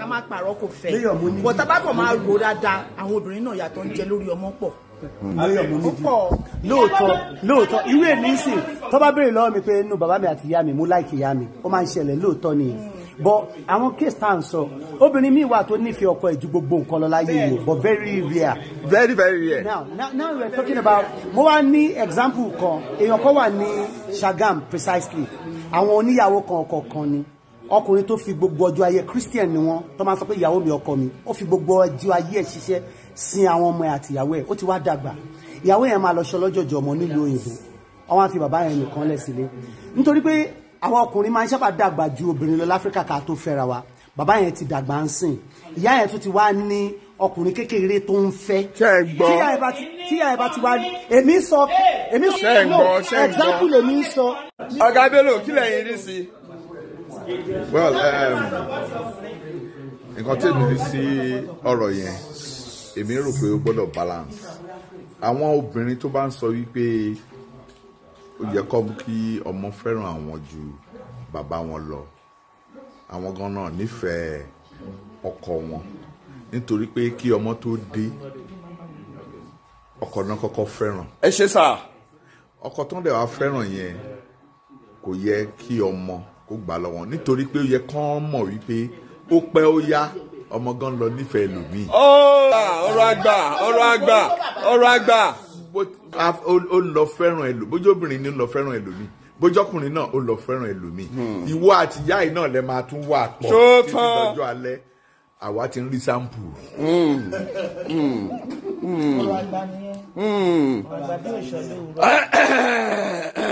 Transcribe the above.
ká má pààrọ̀ kò fẹ́ bọ̀ tábàkọ̀ máa rò dáadáa àwọn obìnrin náà yàtọ̀ ń jẹ lórí ọmọ pọ̀. Hmm. lóòótọ́ lóòótọ́ irú èmi ń sìn tó bá béèrè lọ́wọ́ mi pé inú bàbá mi àti ìyá mi mo láìkì ìyá mi ó máa ń ṣẹlẹ̀ lóòótọ́ nìyẹn hmm. bọ àwọn case tá à ń sọ obìnrin míì wà tó nífẹ̀ẹ́ ọkọ ẹ̀ ju gbogbo nǹkan lọ láyé ìwò but very rare. very very rare. now now we are talking about mo wá ní example kan èèyàn kan wà ní Sagam precisely àwọn oníyàwó kan ọ̀kọ̀ọ̀kan ni ọkùnrin tó fi gbogbo ọjọ́ ayé christian ni wọ́n tó máa sọ pé ìyàwó mi ọkọ mi ó fi gbogbo ọjọ́ ayé ẹ̀ ṣiṣẹ́ sin àwọn ọmọ ẹ̀ àti ìyàwó ẹ̀ ó ti wá dàgbà ìyàwó yẹn máa lọ ṣọ lọ́jọ́jọ́ ọmọ nílùú òyìnbó wọ́n á fi bàbá yẹn nìkan lẹ̀ sílé nítorí pé àwọn ọkùnrin máa ń sábà dàgbà ju obìnrin lọ láfíríkà ká tó fẹ́ra wa bàbá yẹn ti dàgbà ń sìn ìyá yẹn tó ti wá ní ọkùnrin kékeré tó ń fẹ́ tíyà ẹ̀ bá ti wá èmi sọ èmi sọ no example èmi sọ. ọ̀gá bello kí lẹ́yìn rí sí i well um, nǹkan tí èmi rí sí ọ̀rọ̀ yẹn èmi rò pé ó gbọ́dọ̀ balance àwọn obìnrin tó bá ń sọ wípé ó yẹ kọ́ kí ọmọ fẹ́ràn àwọn ju bàbá wọn lọ àwọn gan náà nífẹ̀ẹ́ ọkọ wọn nítorí pé kí ọmọ tó dé ọkọ náà kọ́kọ́ fẹ́ràn. ẹ ṣe sá. ọkọ tó ń dẹ̀ wá fẹ́ràn yẹn kò yẹ kí ọmọ kó gbà lọ wọn nítorí pé ó yẹ kán mọ̀ wípé ó pẹ́ ó yá ọmọ gan lọ nífẹ̀ẹ́ lòmíì. ọ̀rọ̀ àgbà ọ̀rọ̀ àgbà ọ̀rọ̀ àgbà. ó lọ fẹ́ràn ẹlò bójú obìnrin ni ó lọ fẹ́ràn ẹlòmíì bójọkùnrin náà ó lọ fẹ́ràn ẹlòmíì hmm. ìwọ àti ìyá yìí náà lẹ máa tún wà pọ̀ títí lọ́jọ́ alẹ́ àwa ti ń rí sáǹpù. Hmm. Hmm. ọ̀rọ̀ àgbà nìyẹn ọ̀rọ̀ àgbà bí òṣèlú rẹ̀.